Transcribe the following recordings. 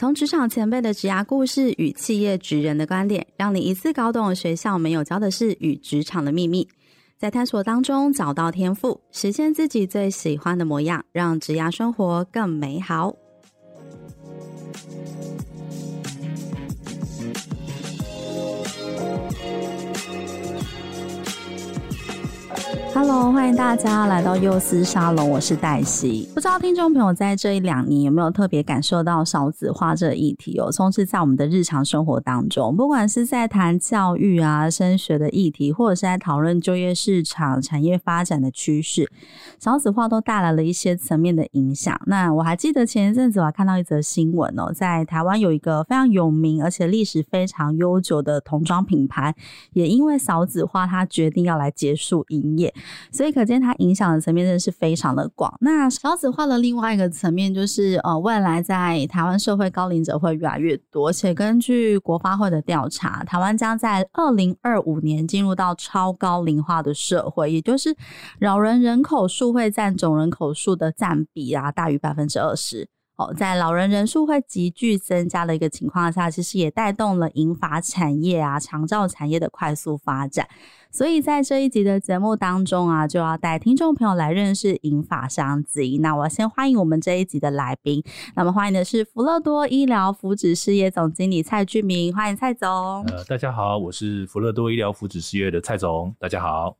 從職場前輩的職涯故事與企業職人的觀點，讓你一次搞懂學校沒有教的事與職場的秘密，在探索當中找到天賦，實現自己最喜歡的模樣，讓職涯生活更美好。Hello，歡迎大家來到幼思沙龍，我是黛西。不知道聽眾朋友在這一兩年有沒有特別感受到少子化這個議題哦？充斥在我們的日常生活當中，不管是在談教育啊、升學的議題，或者是在討論就業市場、產業發展的趨勢，少子化都帶來了一些層面的影響。那我還記得前一陣子我還看到一則新聞哦，在台灣有一個非常有名而且歷史非常悠久的童裝品牌，也因為少子化，他決定要來結束營業。所以可見，它影響的層面真的是非常的廣。那少子化的另外一個層面就是，呃，未來在台灣社會高齡者會越來越多，而且根據國發會的調查，台灣將在二零二五年進入到超高齡化的社會，也就是老人人口數會占總人口數的占比啊大於百分之二十。哦、在老人人數會急劇增加的一個情況下，其實也帶動了銀髮產業啊、長照產業的快速發展。所以在這一集的節目當中啊，就要帶聽眾朋友來認識銀髮商機。那我先歡迎我們這一集的來賓，那麼歡迎的是福樂多醫療福祉事業總經理蔡俊明，歡迎蔡總。呃，大家好，我是福樂多醫療福祉事業的蔡總，大家好。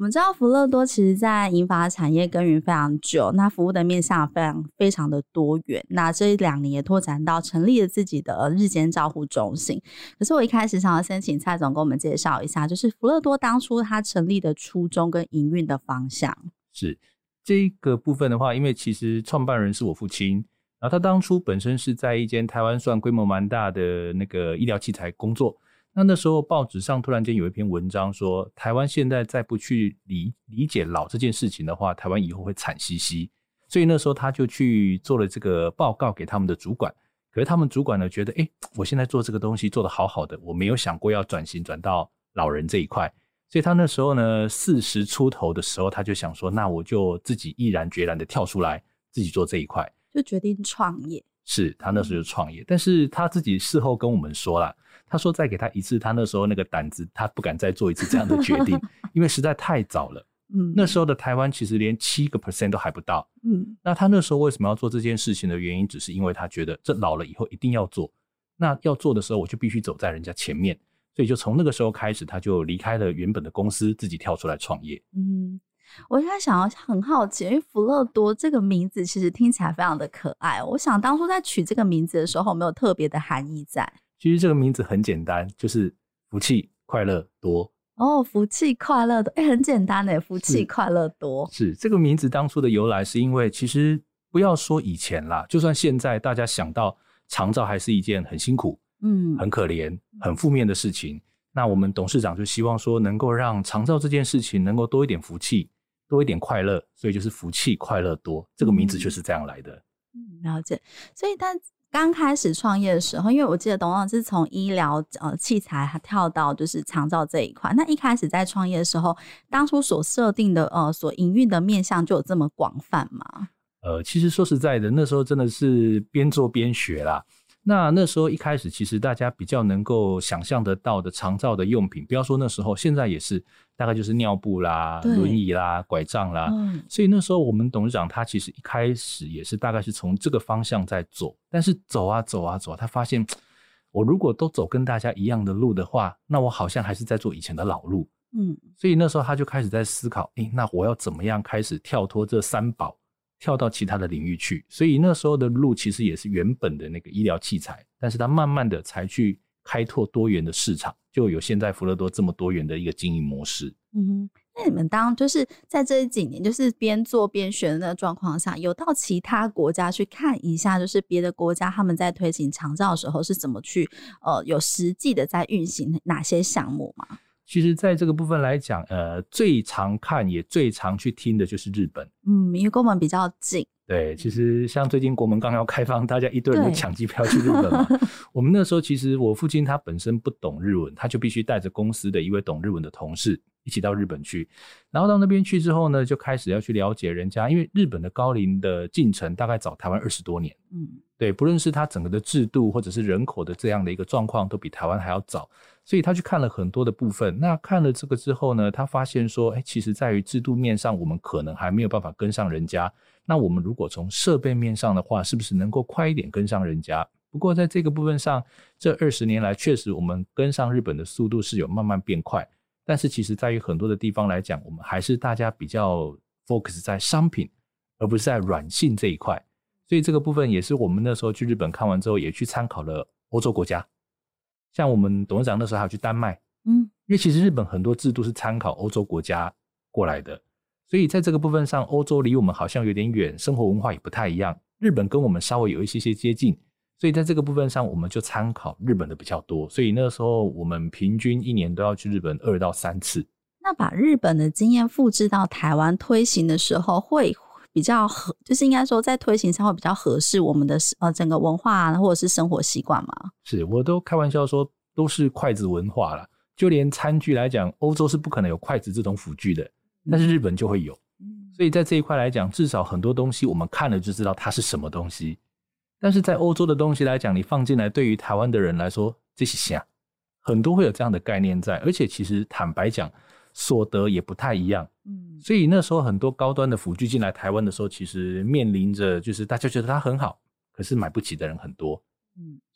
我們知道福樂多其實在銀髮產業耕耘非常久，那服務的面向非常非常的多元，那這一兩年也拓展到成立了自己的日間照護中心。可是我一開始想要先請蔡總給我們介紹一下，就是福樂多當初他成立的初衷跟營運的方向。是，這個部分的話，因為其實創辦人是我父親，然後他當初本身是在一間台灣算規模蠻大的那個醫療器材工作。他那時候報紙上突然間有一篇文章說，台灣現在再不去理理解老這件事情的話，台灣以後會慘兮兮。所以那時候他就去做了這個報告給他們的主管。可是他們主管呢，覺得哎、欸，我現在做這個東西做得好好的，我沒有想過要轉型轉到老人這一塊。所以他那時候呢，四十出頭的時候，他就想說，那我就自己毅然決然的跳出來，自己做這一塊，就決定創業。是，他那時候就創業，但是他自己事後跟我們說了。他說：“再給他一次，他那時候那個膽子，他不敢再做一次這樣的決定， 因為實在太早了。嗯，那時候的台灣其實連七個 percent 都還不到。嗯，那他那時候為什麼要做這件事情的原因，只是因為他覺得這老了以後一定要做。那要做的時候，我就必須走在人家前面。所以，就從那個時候開始，他就離開了原本的公司，自己跳出來創業。嗯，我現在想要很好奇，因為福樂多這個名字其實聽起來非常的可愛。我想，當初在取這個名字的時候，有沒有特別的含義在？”其實這個名字很簡單，就是福氣快樂多哦。福氣快樂多，哎、欸，很簡單呢。福氣快樂多是，是這個名字當初的由來，是因為其實不要說以前啦，就算現在大家想到長照還是一件很辛苦、嗯，很可憐、很負面的事情、嗯。那我們董事長就希望說，能夠讓長照這件事情能夠多一點福氣，多一點快樂，所以就是福氣快樂多這個名字就是這樣來的。嗯，嗯，了解，所以他。剛開始創業的時候，因為我記得董老師從醫療呃器材，跳到就是長照這一塊，那一開始在創業的時候，當初所設定的呃所營運的面向就有這麼廣泛嗎？呃，其實說實在的，那時候真的是邊做邊學啦。那那時候一開始，其實大家比較能夠想象得到的長照的用品，不要說那時候，現在也是大概就是尿布啦、輪椅啦、拐杖啦、嗯。所以那時候我們董事長他其實一開始也是大概是從這個方向在走，但是走啊走啊走啊，他發現我如果都走跟大家一樣的路的話，那我好像還是在做以前的老路。嗯，所以那時候他就開始在思考：哎、欸，那我要怎麼樣開始跳脫這三寶？跳到其他的領域去，所以那時候的路其實也是原本的那個醫療器材，但是他慢慢的才去開拓多元的市場，就有現在福樂多這麼多元的一個經營模式。嗯，那你們當就是在這幾年，就是邊做邊學的狀況下，有到其他國家去看一下，就是別的國家他們在推行長照的時候是怎麼去，呃，有實際的在運行哪些項目嗎？其實在這個部分來講，呃，最常看也最常去聽的就是日本，嗯，因為國門比較近。對，其實像最近國門剛剛要開放，大家一堆人搶機票去日本嘛。 我們那時候其實我父親他本身不懂日文，他就必須帶着公司的一位懂日文的同事一起到日本去。然後到那邊去之後呢，就開始要去了解人家，因為日本的高齡的進程大概早台灣二十多年，嗯。對，不論是他整個的制度，或者是人口的這樣的一個狀況，都比台灣還要早。所以他去看了很多的部分。那看了這個之後呢，他發現說，哎，其實在於制度面上，我們可能還沒有辦法跟上人家。那我們如果從設備面上的話，是不是能夠快一點跟上人家？不過在這個部分上，這二十年來確實我們跟上日本的速度是有慢慢變快。但是其實在於很多的地方來講，我們還是大家比較 focus 在商品，而不是在軟性這一塊。所以這個部分也是我們那時候去日本看完之後，也去參考了歐洲國家。像我們董事長那時候還去丹麥，嗯，因為其實日本很多制度是參考歐洲國家過來的。所以在這個部分上，歐洲離我們好像有點遠，生活文化也不太一樣。日本跟我們稍微有一些些接近，所以在這個部分上，我們就參考日本的比較多。所以那時候，我們平均一年都要去日本二到三次。那把日本的經驗複製到台灣推行的時候會？比較合，就是應該說，在推行上會比較合適我們的呃整個文化啊，或者是生活習慣嘛。是，我都開玩笑說，都是筷子文化了。就連餐具來講，歐洲是不可能有筷子這種輔具的，但是日本就會有。所以在這一塊來講，至少很多東西我們看了就知道它是什麼東西。但是在歐洲的東西來講，你放進來，對於台灣的人來說，這是蝦，很多會有這樣的概念在。而且其實坦白講，所得也不太一樣。所以那時候很多高端的輔具進來台灣的時候，其實面臨着就是大家覺得它很好，可是買不起的人很多。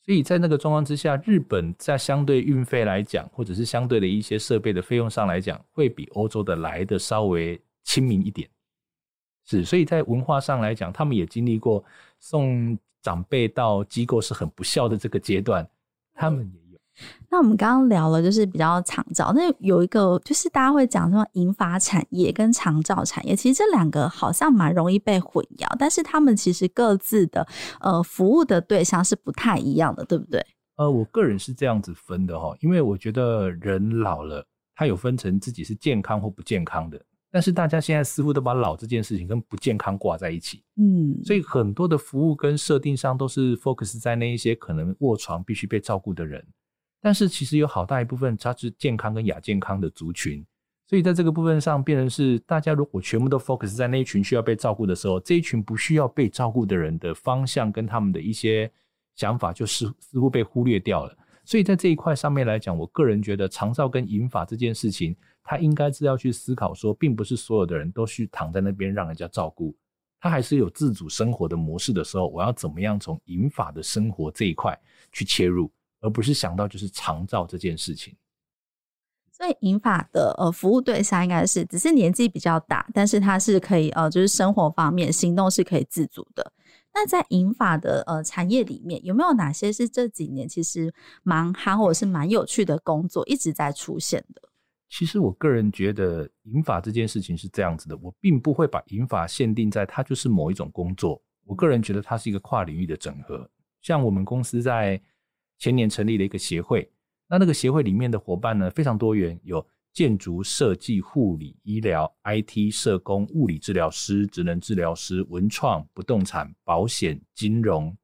所以在那個狀況之下，日本在相對運費來講，或者是相對的一些設備的費用上來講，會比歐洲的來的稍微親民一點。是，所以在文化上來講，他們也經歷過送長輩到機構是很不孝的這個階段，他們也。那我們剛剛聊了，就是比較長照。那有一個就是大家會講什麼銀髮產業跟長照產業，其實這兩個好像蠻容易被混淆，但是他們其實各自的、呃、服務的對象是不太一樣的，對不對？呃，我個人是這樣子分的哈、哦，因為我覺得人老了，他有分成自己是健康或不健康的，但是大家現在似乎都把老這件事情跟不健康掛在一起，嗯，所以很多的服務跟設定上都是 focus 在那一些可能臥床必須被照顧的人。但是其實有好大一部分，它是健康跟亞健康的族群，所以在這個部分上，變成是大家如果全部都 focus 在那一群需要被照顧的時候，這一群不需要被照顧的人的方向跟他們的一些想法，就是似乎被忽略掉了。所以在這一塊上面來講，我個人覺得長照跟銀髮這件事情，他應該是要去思考說，並不是所有的人都去躺在那邊讓人家照顧，他還是有自主生活的模式的時候，我要怎麼樣從銀髮的生活這一塊去切入。而不是想到就是長照這件事情，所以銀髮的呃服務對象應該是只是年紀比較大，但是他是可以呃就是生活方面行動是可以自主的。那在銀髮的呃產業裡面，有沒有哪些是這幾年其實蠻好或是蠻有趣的工作一直在出現的？其實我個人覺得銀髮這件事情是這樣子的，我並不會把銀髮限定在它就是某一種工作。我個人覺得它是一個跨領域的整合，像我們公司在。前年成立了一個協會，那那個協會裡面的夥伴呢，非常多元，有建築設計、護理、醫療、IT、社工、物理治療師、職能治療師、文創、不動產、保險、金融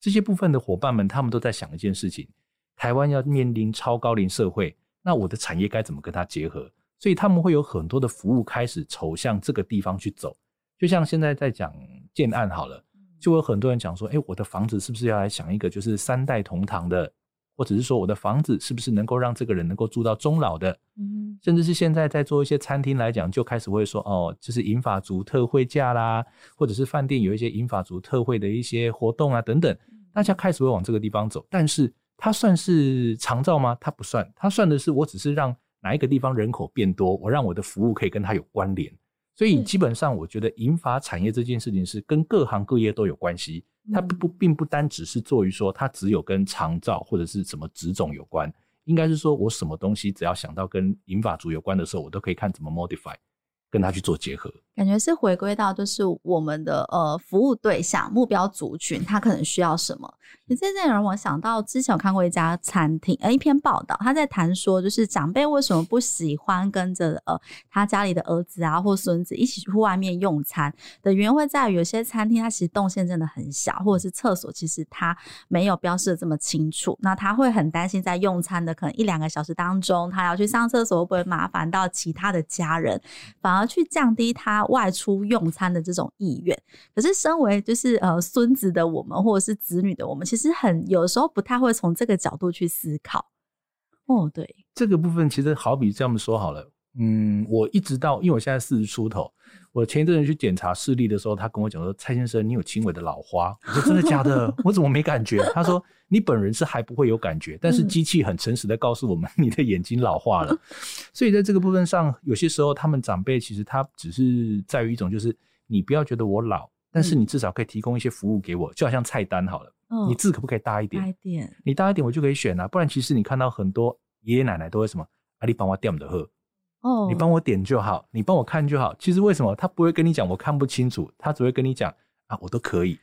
這些部分的夥伴們，他們都在想一件事情：台灣要面臨超高齡社會，那我的產業該怎麼跟它結合？所以他們會有很多的服務開始走向這個地方去走，就像現在在講建案好了。就會有很多人講說，哎、欸，我的房子是不是要來想一個就是三代同堂的，或者是說我的房子是不是能夠讓這個人能夠住到終老的？嗯，甚至是現在在做一些餐廳來講，就開始會說哦，就是銀髮族特惠價啦，或者是飯店有一些銀髮族特惠的一些活動啊等等，大家開始會往這個地方走。但是它算是長照嗎？它不算，它算的是我只是讓哪一個地方人口變多，我讓我的服務可以跟它有關聯。所以基本上，我覺得銀髮產業這件事情是跟各行各業都有關係，它不不並不單只是做於說，它只有跟長照或者是什麼職種有關，應該是說我什麼東西只要想到跟銀髮族有關的時候，我都可以看怎麼 modify，跟他去做結合。感覺是回歸到就是我們的呃服務對象、目標族群，他可能需要什麼。你這件讓我想到之前我看過一家餐廳，呃、欸，一篇報道，他在談說，就是長輩為什麼不喜歡跟着呃他家裡的兒子啊或孫子一起去外面用餐的原因，會在有些餐廳，他其實動線真的很小，或者是廁所其實他沒有標示的這麼清楚，那他會很擔心在用餐的可能一兩個小時當中，他要去上廁所會不會麻煩到其他的家人，反而去降低他外出用餐的這種意願。可是身為就是呃孫子的我們，或者是子女的我們。其實很有的時候不太會從這個角度去思考。哦、oh，對，這個部分其實好比這樣說好了。嗯，我一直到，因為我現在四十出頭，我前一陣子去檢查視力的時候，他跟我講說：“蔡先生，你有輕微的老花。”我說：“真的 假的？我怎麼沒感覺？” 他說：“你本人是還不會有感覺，但是機器很誠實的告訴我們，嗯、 你的眼睛老化了。”所以在這個部分上，有些時候他們長輩其實他只是在於一種就是你不要覺得我老，但是你至少可以提供一些服務給我，就好像菜單好了。你字可不可以大一點？oh, 大一點？你大一點我就可以選了，啊。不然其實你看到很多爺爺奶奶都會什麼，啊的喝，你幫我點就好，oh. 你幫我點就好，你幫我看就好。其實為什麼他不會跟你講我看不清楚，他只會跟你講啊，我都可以。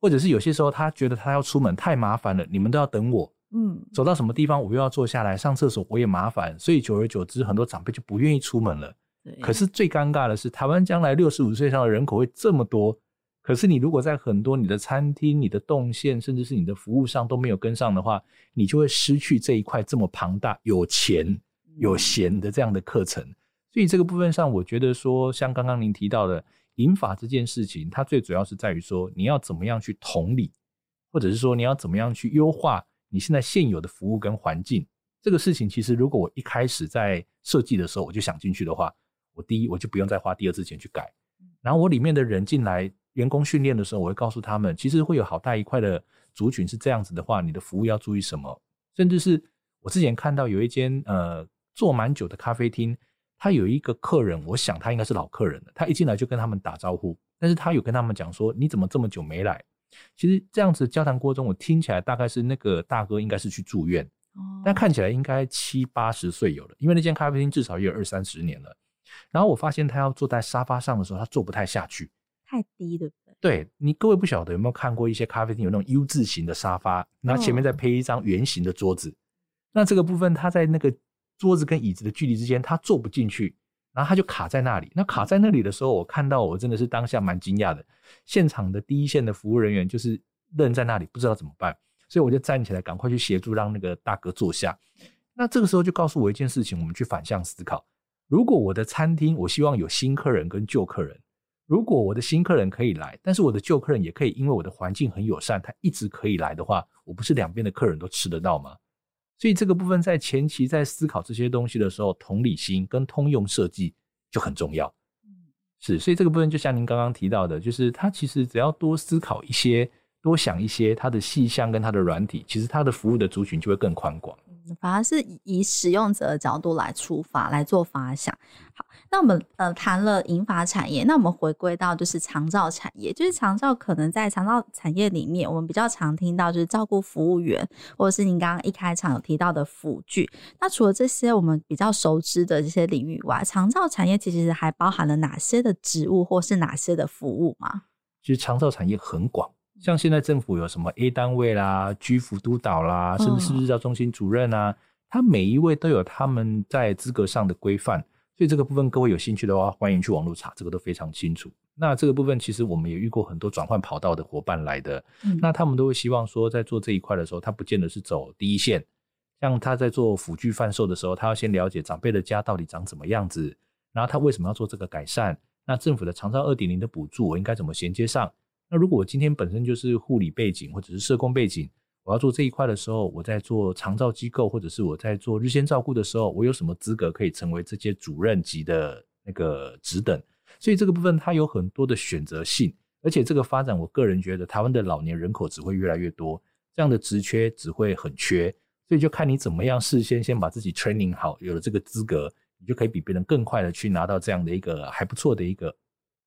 或者是有些時候他覺得他要出門太麻煩了，你們都要等我，嗯，走到什麼地方我又要坐下來上廁所，我也麻煩，所以久而久之很多長輩就不願意出門了。可是最尷尬的是，台灣將來六十五歲以上的人口會這麼多。可是你如果在很多你的餐廳、你的動線，甚至是你的服務上都沒有跟上的話，你就會失去這一塊這麼龐大、有錢有閒的這樣的課程。所以這個部分上，我覺得說，像剛剛您提到的銀髮這件事情，它最主要是在於說你要怎麼樣去同理，或者是說你要怎麼樣去優化你現在現有的服務跟環境。這個事情其實，如果我一開始在設計的時候我就想進去的話，我第一我就不用再花第二次錢去改，然後我裡面的人進來，員工訓練的時候，我會告訴他們，其實會有好大一塊的族群是這樣子的話，你的服務要注意什麼？甚至是我之前看到有一間呃坐蠻久的咖啡廳，他有一個客人，我想他應該是老客人了。他一進來就跟他們打招呼，但是他有跟他們講說：“你怎麼這麼久沒來？”其實這樣子交談過程中，我聽起來大概是那個大哥應該是去住院，但看起來應該七八十歲有了，因為那間咖啡廳至少也有二三十年了。然後我發現他要坐在沙發上的時候，他坐不太下去。太低的，對，你各位不曉得有沒有看過一些咖啡廳有那種 U 字型的沙發，嗯，然後前面再配一張圓形的桌子，那這個部分他在那個桌子跟椅子的距離之間，他坐不進去，然後他就卡在那裡。那卡在那裡的時候，我看到我真的是當下蠻驚訝的，現場的第一線的服務人員就是愣在那裡，不知道怎麼辦，所以我就站起來趕快去協助，讓那個大哥坐下。那這個時候就告訴我一件事情：我們去反向思考，如果我的餐廳，我希望有新客人跟舊客人。如果我的新客人可以來，但是我的舊客人也可以，因為我的環境很友善，他一直可以來的話，我不是兩邊的客人都吃得到嗎？所以這個部分在前期在思考這些東西的時候，同理心跟通用設計就很重要。嗯，是，所以這個部分就像您剛剛提到的，就是他其實只要多思考一些，多想一些他的細項跟他的軟體，其實他的服務的族群就會更寬廣。反而是以，以使用者的角度來出發來做發想，好，那我們呃談了銀髮產業，那我們回歸到就是長照產業。就是長照可能在長照產業裡面，我們比較常聽到就是照顧服務員，或者是您剛剛一開場有提到的輔具。那除了這些我們比較熟知的這些領域外，長照產業其實還包含了哪些的職務或是哪些的服務嗎？其實長照產業很廣。像現在政府有什麼 A 單位啦、居服督導啦，哦、甚至是日照中心主任啊，他每一位都有他們在資格上的規範，所以這個部分各位有興趣的話，歡迎去網絡查，這個都非常清楚。那這個部分其實我們也遇過很多轉換跑道的夥伴來的，嗯、那他們都會希望說，在做這一塊的時候，他不見得是走第一線，像他在做輔具販售的時候，他要先了解長輩的家到底長怎麼樣子，然後他為什麼要做這個改善，那政府的長照二點零的補助我應該怎麼銜接上？那如果我今天本身就是護理背景或者是社工背景，我要做這一塊的時候，我在做長照機構或者是我在做日間照顧的時候，我有什麼資格可以成為這些主任級的那個職等？所以這個部分它有很多的選擇性，而且這個發展，我個人覺得台灣的老年人口只會越來越多，這樣的職缺只會很缺，所以就看你怎麼樣事先先把自己 training 好，有了這個資格，你就可以比別人更快的去拿到這樣的一個還不錯的一個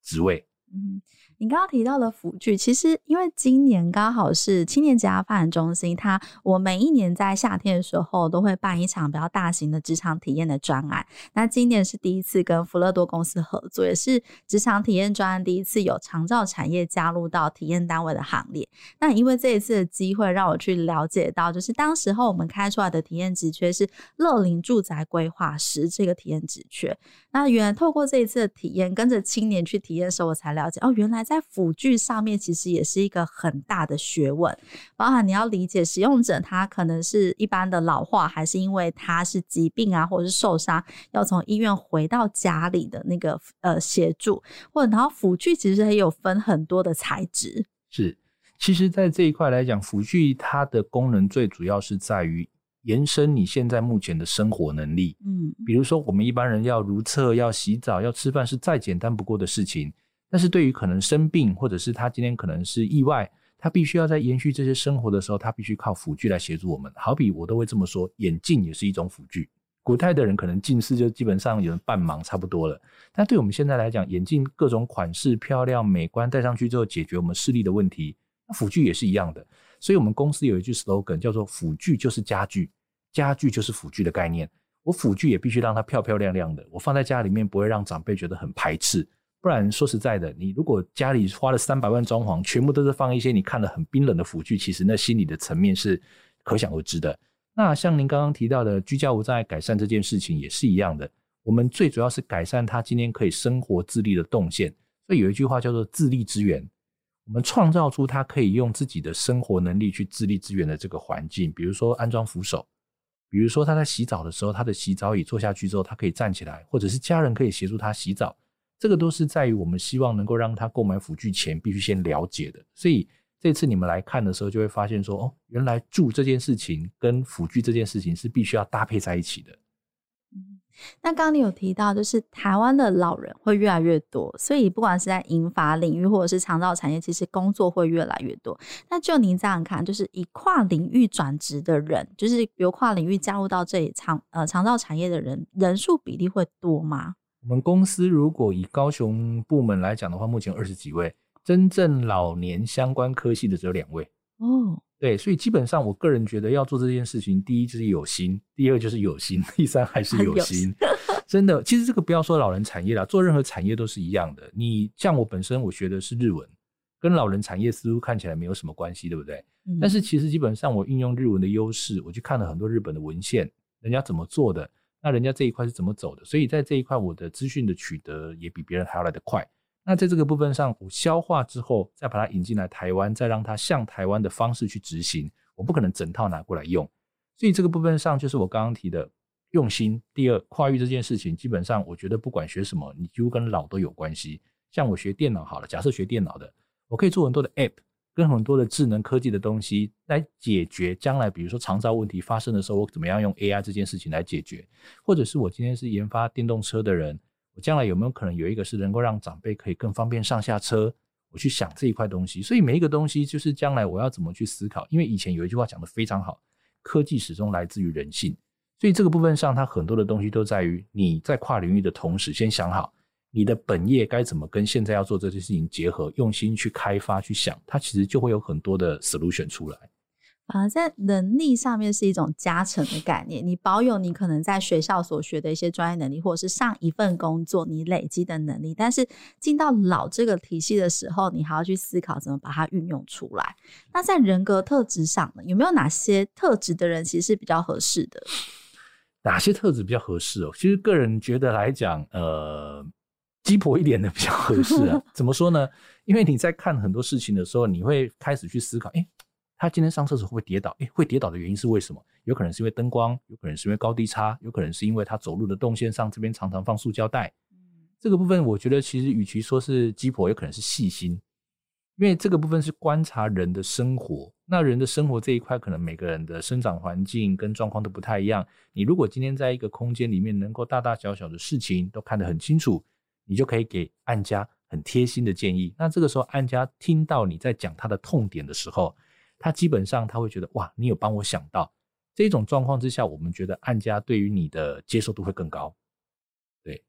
職位。嗯。你剛剛提到的輔具，其實因為今年剛好是青年職涯發展中心，它，我每一年在夏天的時候都會辦一場比較大型的職場體驗的專案。那今年是第一次跟福樂多公司合作，也是職場體驗專案第一次有長照產業加入到體驗單位的行列。那因為這一次的機會，讓我去了解到，就是當時候我們開出來的體驗職缺是樂齡住宅規劃師這個體驗職缺。那原來透過這一次的體驗，跟着青年去體驗的時候，我才了解哦，原來。在輔具上面，其實也是一個很大的學問，包含你要理解使用者，他可能是一般的老化，還是因為他是疾病啊，或者是受傷，要從醫院回到家裡的那個呃協助，或者然後輔具其實也有分很多的材質。是，其實，在這一塊來講，輔具它的功能最主要是在於延伸你現在目前的生活能力。嗯，比如說我們一般人要如廁、要洗澡、要吃飯，吃飯是再簡單不過的事情。但是對於可能生病，或者是他今天可能是意外，他必須要在延續這些生活的時候，他必須靠輔具來協助我們。好比我都會這麼說，眼鏡也是一種輔具。古代的人可能近視就基本上有人半盲差不多了，但對我們現在來講，眼鏡各種款式漂亮美觀，戴上去之後解決我們視力的問題。輔具也是一樣的，所以我們公司有一句 slogan 叫做“輔具就是家具，家具就是輔具”的概念。我輔具也必須讓它漂漂亮亮的，我放在家裡面不會讓長輩覺得很排斥。不然說實在的，你如果家裡花了三百萬裝潢，全部都是放一些你看了很冰冷的輔具，其實那心理的層面是可想而知的。那像您剛剛提到的居家無障礙改善這件事情也是一樣的，我們最主要是改善他今天可以生活自立的動線。所以有一句話叫做自立支援，我們創造出他可以用自己的生活能力去自立支援的這個環境，比如說安裝扶手，比如說他在洗澡的時候，他的洗澡椅坐下去之後，他可以站起來，或者是家人可以協助他洗澡。這個都是在於我們希望能夠讓他購買輔具前必須先了解的，所以這次你們來看的時候，就會發現說，哦，原來住這件事情跟輔具這件事情是必須要搭配在一起的。嗯，那剛剛你有提到，就是台灣的老人會越來越多，所以不管是在銀髮領域或者是長照產業，其實工作會越來越多。那就您這樣看，就是以跨領域轉職的人，就是由跨領域加入到這裡長呃長照產業的人人數比例會多嗎？我們公司如果以高雄部門來講的話，目前二十幾位，真正老年相關科系的只有兩位。哦，對，所以基本上我個人覺得要做這件事情，第一就是有心，第二就是有心，第三還是有心。 有心。真的，其實這個不要說老人產業了，做任何產業都是一樣的。你像我本身，我學的是日文，跟老人產業似乎看起來沒有什麼關係，對不對？嗯。但是其實基本上我運用日文的優勢，我去看了很多日本的文獻，人家怎麼做的。那人家這一塊是怎麼走的？所以在這一塊，我的資訊的取得也比別人還要來得快。那在這個部分上，我消化之後再把它引進來台灣，再讓它向台灣的方式去執行，我不可能整套拿過來用。所以這個部分上，就是我剛剛提的用心。第二，跨域這件事情，基本上我覺得不管學什麼，你幾乎跟老都有關係。像我學電腦好了，假設學電腦的，我可以做很多的 APP。跟很多的智能科技的東西來解決將來，比如說長照問題發生的時候，我怎麼樣用 AI 這件事情來解決，或者是我今天是研發電動車的人，我將來有沒有可能有一個是能夠讓長輩可以更方便上下車，我去想這一塊東西。所以每一個東西就是將來我要怎麼去思考，因為以前有一句話講得非常好，科技始終來自於人性。所以這個部分上，它很多的東西都在於你在跨領域的同時，先想好。你的本業該怎麼跟現在要做這些事情結合？用心去開發，去想，它其實就會有很多的 solution 出來。而、啊、在能力上面是一種加成的概念，你保有你可能在學校所學的一些專業能力，或者是上一份工作你累積的能力，但是進到老這個體系的時候，你還要去思考怎麼把它運用出來。那在人格特質上呢？有沒有哪些特質的人其實是比較合適的？哪些特質比較合適哦？其實個人覺得來講，呃。雞婆一點的比較合適啊？怎麼說呢？因為你在看很多事情的時候，你會開始去思考：哎、欸，他今天上廁所會不會跌倒？哎、欸，會跌倒的原因是為什麼？有可能是因為燈光，有可能是因為高低差，有可能是因為他走路的動線上這邊常常放塑膠袋。這個部分我覺得其實與其說是雞婆，有可能是細心，因為這個部分是觀察人的生活。那人的生活這一塊，可能每個人的生長環境跟狀況都不太一樣。你如果今天在一個空間裡面，能夠大大小小的事情都看得很清楚。你就可以給案家很貼心的建議。那這個時候，案家聽到你在講他的痛點的時候，他基本上他會覺得哇，你有幫我想到。這種狀況之下，我們覺得案家對於你的接受度會更高。對。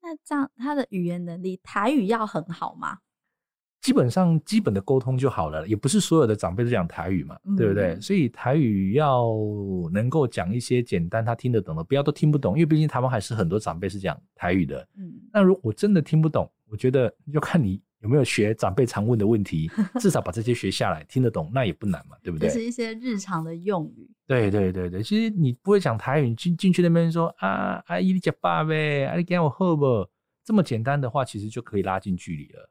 那這樣他的語言能力，台語要很好嗎？基本上基本的溝通就好了，也不是所有的長輩都講台語嘛，嗯，對不對？所以台語要能夠講一些簡單他聽得懂的，不要都聽不懂，因為畢竟台灣還是很多長輩是講台語的。嗯，那如果真的聽不懂，我覺得要看你有沒有學長輩常問的問題，至少把這些學下來 聽得懂，那也不難嘛，對不對？就是一些日常的用語。對對對對，其實你不會講台語，進進去那邊說啊，阿姨你吃飯唄，阿姨給我喝不，這麼簡單的話，其實就可以拉近距離了。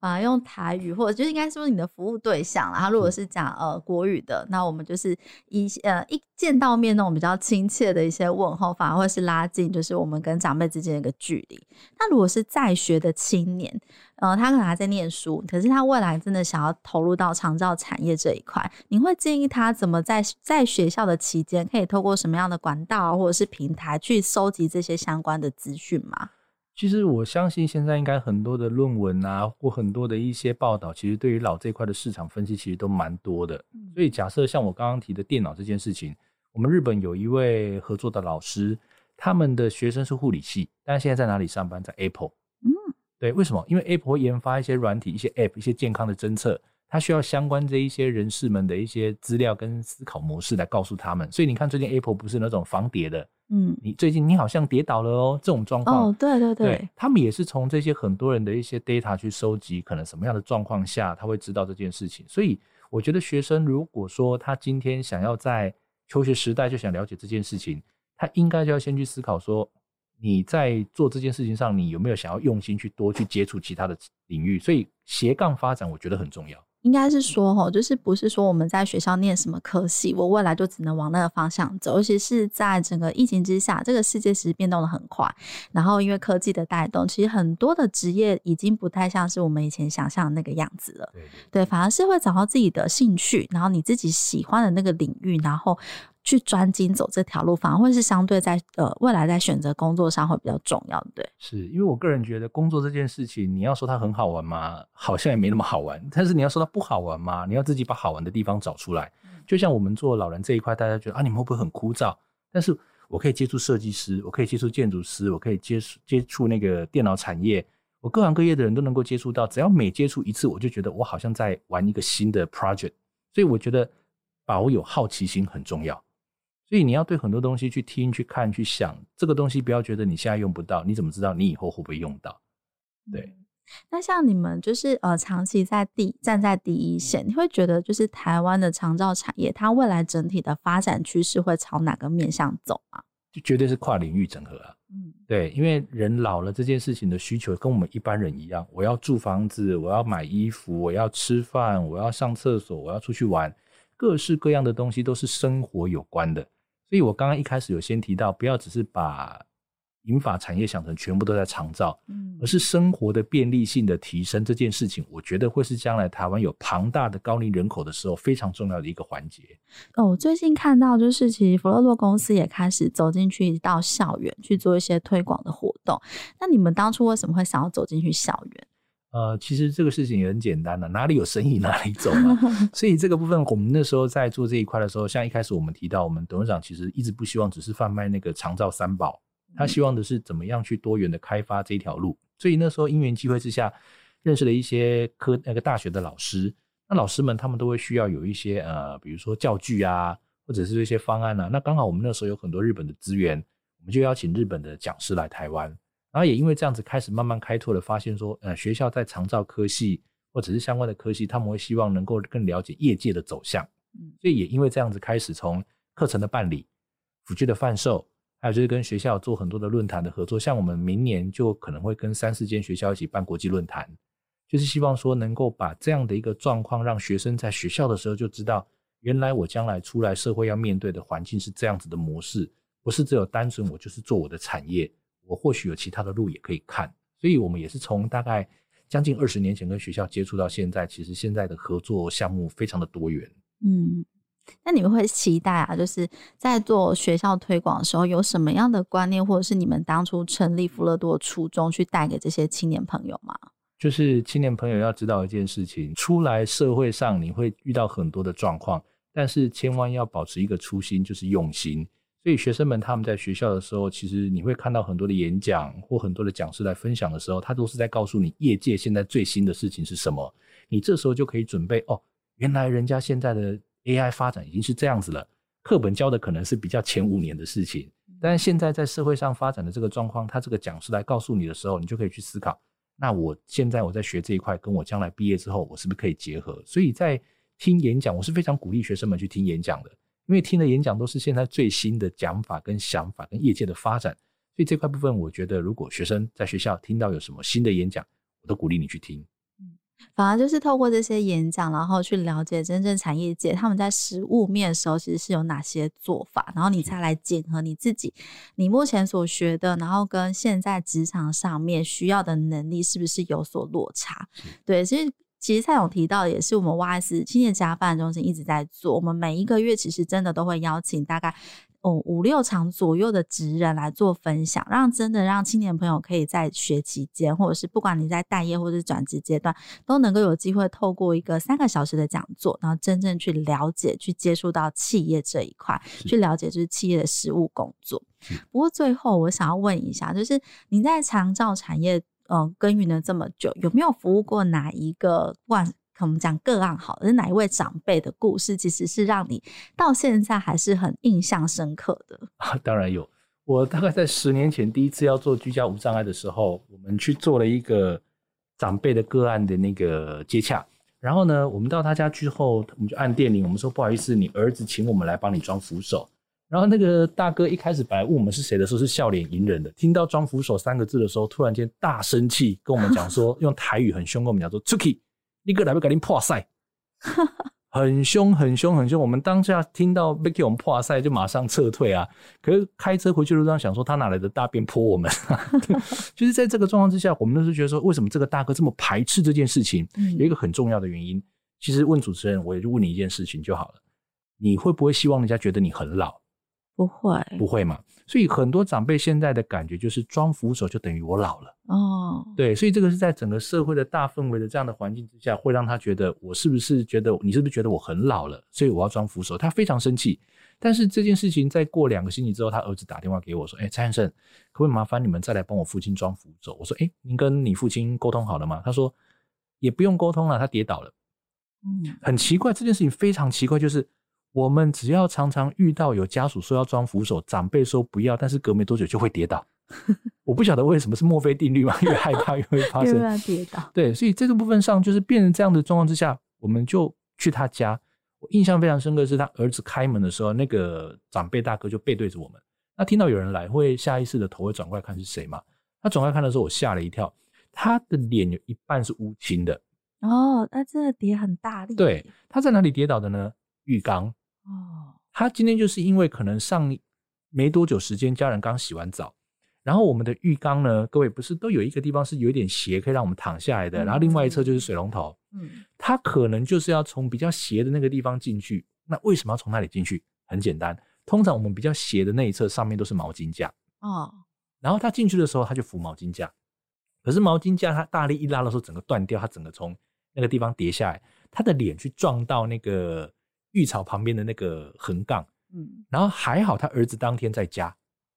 啊，用台語，或者就是應該說你的服務對象。然後如果是講呃國語的，那我們就是一呃一見到面那種比較親切的一些問候，反而會是拉近，就是我們跟長輩之間一個距離。那如果是在學的青年，呃，他可能還在念書，可是他未來真的想要投入到長照產業這一塊，你會建議他怎麼在在學校的期間，可以透過什麼樣的管道或者是平台去收集這些相關的資訊嗎？其實我相信現在應該很多的論文啊，或很多的一些報道，其實對於老這一塊的市場分析其實都蠻多的。所以假設像我剛剛提的電腦這件事情，我們日本有一位合作的老師，他們的學生是護理系，但現在在哪裡上班？在 Apple。嗯，對，為什麼？因為 Apple 研發一些軟體、一些 App、一些健康的偵測。他需要相關這一些人士們的一些資料跟思考模式來告訴他們，所以你看，最近 Apple 不是那種防跌的，嗯，你最近你好像跌倒了哦，這種狀況，嗯，哦，對對對，對，他們也是從這些很多人的一些 data 去收集，可能什麼樣的狀況下他會知道這件事情。所以我覺得學生如果說他今天想要在求學時代就想了解這件事情，他應該就要先去思考說你在做這件事情上，你有沒有想要用心去多去接觸其他的領域，所以斜槓發展我覺得很重要。應該是說，哈，就是不是說我們在學校念什麼科系，我未來就只能往那個方向走。尤其是在整個疫情之下，這個世界其實變動得很快。然後因為科技的帶動，其實很多的職業已經不太像是我們以前想象的那個樣子了。對，反而是會找到自己的興趣，然後你自己喜歡的那個領域，然後。去專精走這條路方，反而會是相對在呃未來在選擇工作上會比較重要，對？是因為我個人覺得工作這件事情，你要說它很好玩嘛，好像也沒那麼好玩。但是你要說它不好玩嘛，你要自己把好玩的地方找出來。就像我們做老人這一塊，大家覺得啊，你們會不會很枯燥？但是我可以接觸設計師，我可以接觸建築師，我可以接觸接觸那個電腦產業，我各行各業的人都能夠接觸到。只要每接觸一次，我就覺得我好像在玩一個新的 project。所以我覺得保有好奇心很重要。所以你要對很多東西去聽、去看、去想，這個東西不要覺得你現在用不到，你怎麼知道你以後會不會用到？對。嗯，那像你們就是呃長期在第站在第一線，嗯，你會覺得就是台灣的長照產業，它未來整體的發展趨勢會朝哪個面向走啊？就絕對是跨領域整合啊。嗯，對，因為人老了這件事情的需求跟我們一般人一樣，我要住房子，我要買衣服，我要吃飯，我要上廁所，我要出去玩，各式各樣的東西都是生活有關的。所以，我剛剛一開始有先提到，不要只是把銀髮產業想成全部都在長照，嗯，而是生活的便利性的提升這件事情，我覺得會是將來台灣有龐大的高齡人口的時候非常重要的一個環節。哦，我最近看到就是，其實福樂多公司也開始走進去到校園去做一些推廣的活動。那你們當初為什麼會想要走進去校園？呃，其實這個事情也很簡單了，啊，哪裡有生意哪裡走嘛，啊。所以這個部分，我們那時候在做這一塊的時候，像一開始我們提到，我們董事長其實一直不希望只是販賣那個長照三寶，他希望的是怎麼樣去多元的開發這一條路。所以那時候因緣際會之下，認識了一些科那個大學的老師，那老師們他們都會需要有一些呃，比如說教具啊，或者是一些方案啊。那剛好我們那時候有很多日本的資源，我們就邀請日本的講師來台灣。然後也因為這樣子開始慢慢開拓了，發現說，呃，學校在長照科系，或者是相關的科系，他們會希望能夠更了解業界的走向。嗯，所以也因為這樣子開始從課程的辦理、輔具的販售，還有就是跟學校做很多的論壇的合作。像我們明年就可能會跟三四間學校一起辦國際論壇，就是希望說能夠把這樣的一個狀況，讓學生在學校的時候就知道，原來我將來出來社會要面對的環境是這樣子的模式，不是只有單純我就是做我的產業。我或許有其他的路也可以看，所以我們也是從大概將近二十年前跟學校接觸到現在，其實現在的合作項目非常的多元。嗯，那你們會期待啊，就是在做學校推廣的時候，有什麼樣的觀念，或者是你們當初成立福樂多初衷，去帶給這些青年朋友嗎？就是青年朋友要知道一件事情，出來社會上你會遇到很多的狀況，但是千萬要保持一個初心，就是用心。所以學生們他們在學校的時候，其實你會看到很多的演講或很多的講師來分享的時候，他都是在告訴你業界現在最新的事情是什麼。你這時候就可以準備哦，原來人家現在的 AI 發展已經是這樣子了。課本教的可能是比較前五年的事情，但是現在在社會上發展的這個狀況，他這個講師來告訴你的時候，你就可以去思考。那我現在我在學這一塊，跟我將來畢業之後，我是不是可以結合？所以在聽演講，我是非常鼓勵學生們去聽演講的。因為聽的演講都是現在最新的講法跟想法跟業界的發展，所以這塊部分我覺得，如果學生在學校聽到有什麼新的演講，我都鼓勵你去聽。嗯，反而就是透過這些演講，然後去了解真正產業界他們在實務面的時候，其實是有哪些做法，然後你才來檢核你自己，你目前所學的，然後跟現在職場上面需要的能力是不是有所落差？是對，所以。其實蔡總提到，也是我們 YS 青年企業家發展中心一直在做。我們每一個月，其實真的都會邀請大概哦五六場左右的職人來做分享，讓真的讓青年朋友可以在學期間，或者是不管你在待業或者轉職階段，都能夠有機會透過一個三個小時的講座，然後真正去了解、去接觸到企業這一塊，去了解就是企業的實務工作。不過最後我想要問一下，就是你在長照產業呃、嗯，耕耘了這麼久，有沒有服務過哪一個案？我們講個案好，是哪一位長輩的故事？其實是讓你到現在還是很印象深刻的啊。當然有，我大概在十年前第一次要做居家無障礙的時候，我們去做了一個長輩的個案的那個接洽。然後呢，我們到他家之後，我們就按電鈴，我們說不好意思，你兒子請我們來幫你裝扶手。然後那個大哥一開始本來問我們是誰的時候是笑臉迎人的，聽到裝扶手三個字的時候，突然間大生氣，跟我們講說 用台語很凶跟我們講說出去，你個來不趕緊破賽，很凶很凶很凶。我們當下聽到 becky 我們破賽就馬上撤退啊。可是開車回去路上想說，他哪來的大便潑我們？ 就是在這個狀況之下，我們都是覺得說，為什麼這個大哥這麼排斥這件事情？有一個很重要的原因，其實問主持人，我也就問你一件事情就好了，你會不會希望人家覺得你很老？不會，不會嘛？所以很多長輩現在的感覺就是裝扶手就等於我老了哦。對，所以這個是在整個社會的大氛圍的這樣的環境之下，會讓他覺得我是不是覺得你是不是覺得我很老了，所以我要裝扶手，他非常生氣。但是這件事情再過兩個星期之後，他兒子打電話給我說：“哎，蔡先生，可不可以麻煩你們再來幫我父親裝扶手？”我說：“哎，您跟你父親溝通好了嗎？”他說：“也不用溝通了，他跌倒了。”嗯，很奇怪，這件事情非常奇怪，就是。我們只要常常遇到有家屬說要裝扶手，長輩說不要，但是隔沒多久就會跌倒。 我不曉得為什麼是墨菲定律嘛，越害怕越會發生 越跌倒。對，所以這個部分上就是變成這樣的狀況之下，我們就去他家。我印象非常深刻，是他兒子開門的時候，那個長輩大哥就背對着我們。那聽到有人來，會下意識的頭會轉過來看是誰嘛？他轉過來看的時候，我嚇了一跳，他的臉有一半是烏青的。哦，那這個跌很大力。對，他在哪裡跌倒的呢？浴缸。他今天就是因為可能上沒多久時間，家人剛洗完澡，然後我們的浴缸呢，各位不是都有一個地方是有點斜，可以讓我們躺下來的，然後另外一側就是水龍頭，嗯，他可能就是要從比較斜的那個地方進去。那為什麼要從那裡進去？很簡單，通常我們比較斜的那一側上面都是毛巾架。然後他進去的時候他就扶毛巾架，可是毛巾架他大力一拉的時候，整個斷掉，他整個從那個地方跌下來，他的臉去撞到那個。浴槽旁邊的那個橫槓，嗯，然後還好他兒子當天在家，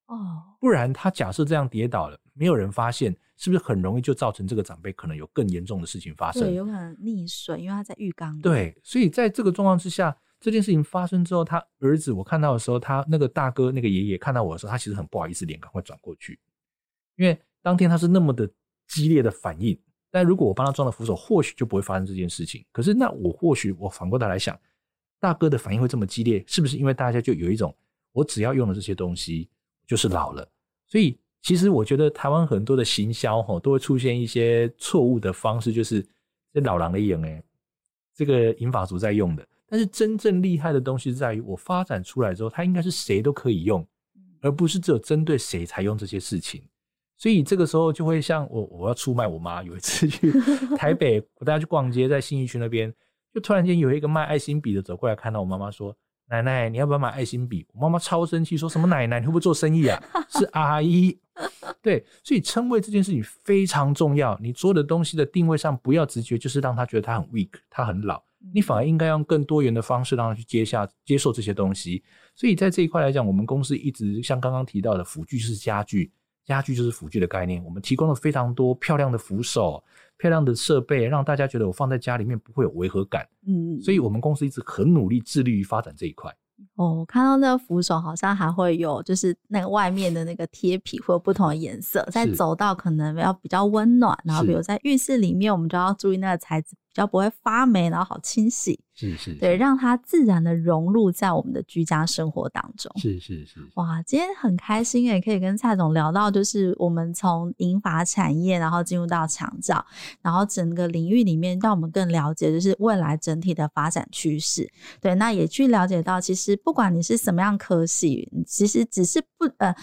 哦，不然他假設這樣跌倒了，沒有人發現，是不是很容易就造成這個長輩可能有更嚴重的事情發生？對，有可能溺水，因為他在浴缸。對，所以在這個狀況之下，這件事情發生之後，他兒子我看到的時候，他那個大哥那個爺爺看到我的時候，他其實很不好意思，臉趕快轉過去，因為當天他是那麼的激烈的反應。但如果我幫他裝了扶手，或許就不會發生這件事情。可是那我或許我反過頭來，來想。大哥的反應會這麼激烈，是不是因為大家就有一種我只要用了這些東西就是老了？所以其實我覺得台灣很多的行銷吼都會出現一些錯誤的方式，就是這老狼的一樣欸，這個銀髮族在用的。但是真正厲害的東西在於我發展出來之後，它應該是誰都可以用，而不是只有針對誰才用這些事情。所以這個時候就會像我，我要出賣我媽。有一次去台北，我帶她去逛街，在信義區那邊。就突然間有一個賣愛心筆的走過來看到我媽媽說：“奶奶，你要不要買愛心筆？”我媽媽超生氣，說什麼“奶奶，你會不會做生意啊？”是阿姨，對，所以稱謂這件事情非常重要。你做的東西的定位上不要直覺，就是讓他覺得他很 weak，他很老，你反而應該用更多元的方式讓他去接下接受這些東西。所以在這一塊來講，我們公司一直像剛剛提到的輔具就是家具，家具就是輔具的概念。我們提供了非常多漂亮的扶手。漂亮的設備，讓大家覺得我放在家裡面不會有違和感。嗯，所以我們公司一直很努力，致力於發展這一塊。哦，我看到那個扶手好像還會有，就是那個外面的那個貼皮會有不同的顏色。再走到可能要比較溫暖，然後比如在浴室裡面，我們就要注意那個材質比較不會發霉，然後好清洗。是是,是，對，讓它自然的融入在我們的居家生活當中。是是是,是，哇，今天很開心，也可以跟蔡總聊到，就是我們從銀髮產業，然後進入到長照，然後整個領域裡面，讓我們更了解就是未來整體的發展趨勢。對，那也去了解到，其實不。不管你是什麼樣科系，其實只是不呃。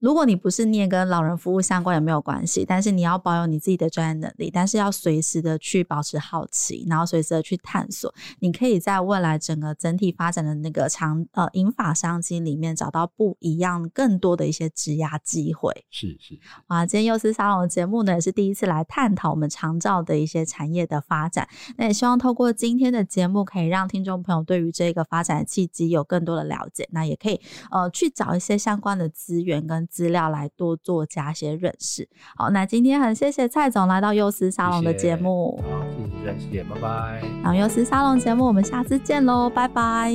如果你不是，你也跟老人服務相關也沒有關係，但是你要保有你自己的專業能力，但是要隨時的去保持好奇，然後隨時的去探索。你可以在未來整個整體發展的那個長呃銀發商機裡面找到不一樣、更多的一些職涯機會。是是，哇、啊，今天又是沙龍的節目呢，也是第一次來探討我們長照的一些產業的發展。那也希望透過今天的節目，可以讓聽眾朋友對於這個發展的契機有更多的了解，那也可以呃去找一些相關的資源跟，資料來多做加些認識。好，那今天很謝謝蔡總來到幼師沙龍的節目謝謝。好，謝謝蔡總，拜拜。好，幼師沙龍節目，我們下次見嘍，拜拜。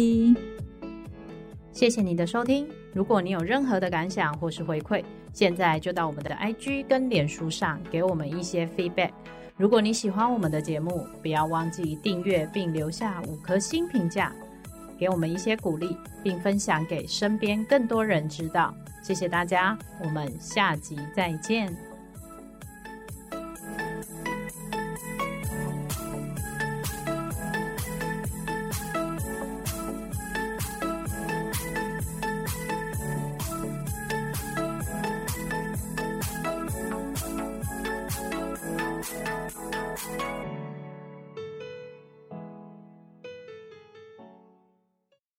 謝謝你的收聽。如果你有任何的感想或是回饋，現在就到我們的 IG 跟臉書上給我們一些 feedback。如果你喜歡我們的節目，不要忘記訂閱並留下五顆星評價，給我們一些鼓勵，並分享給身邊更多人知道。謝謝大家，我們下集再見。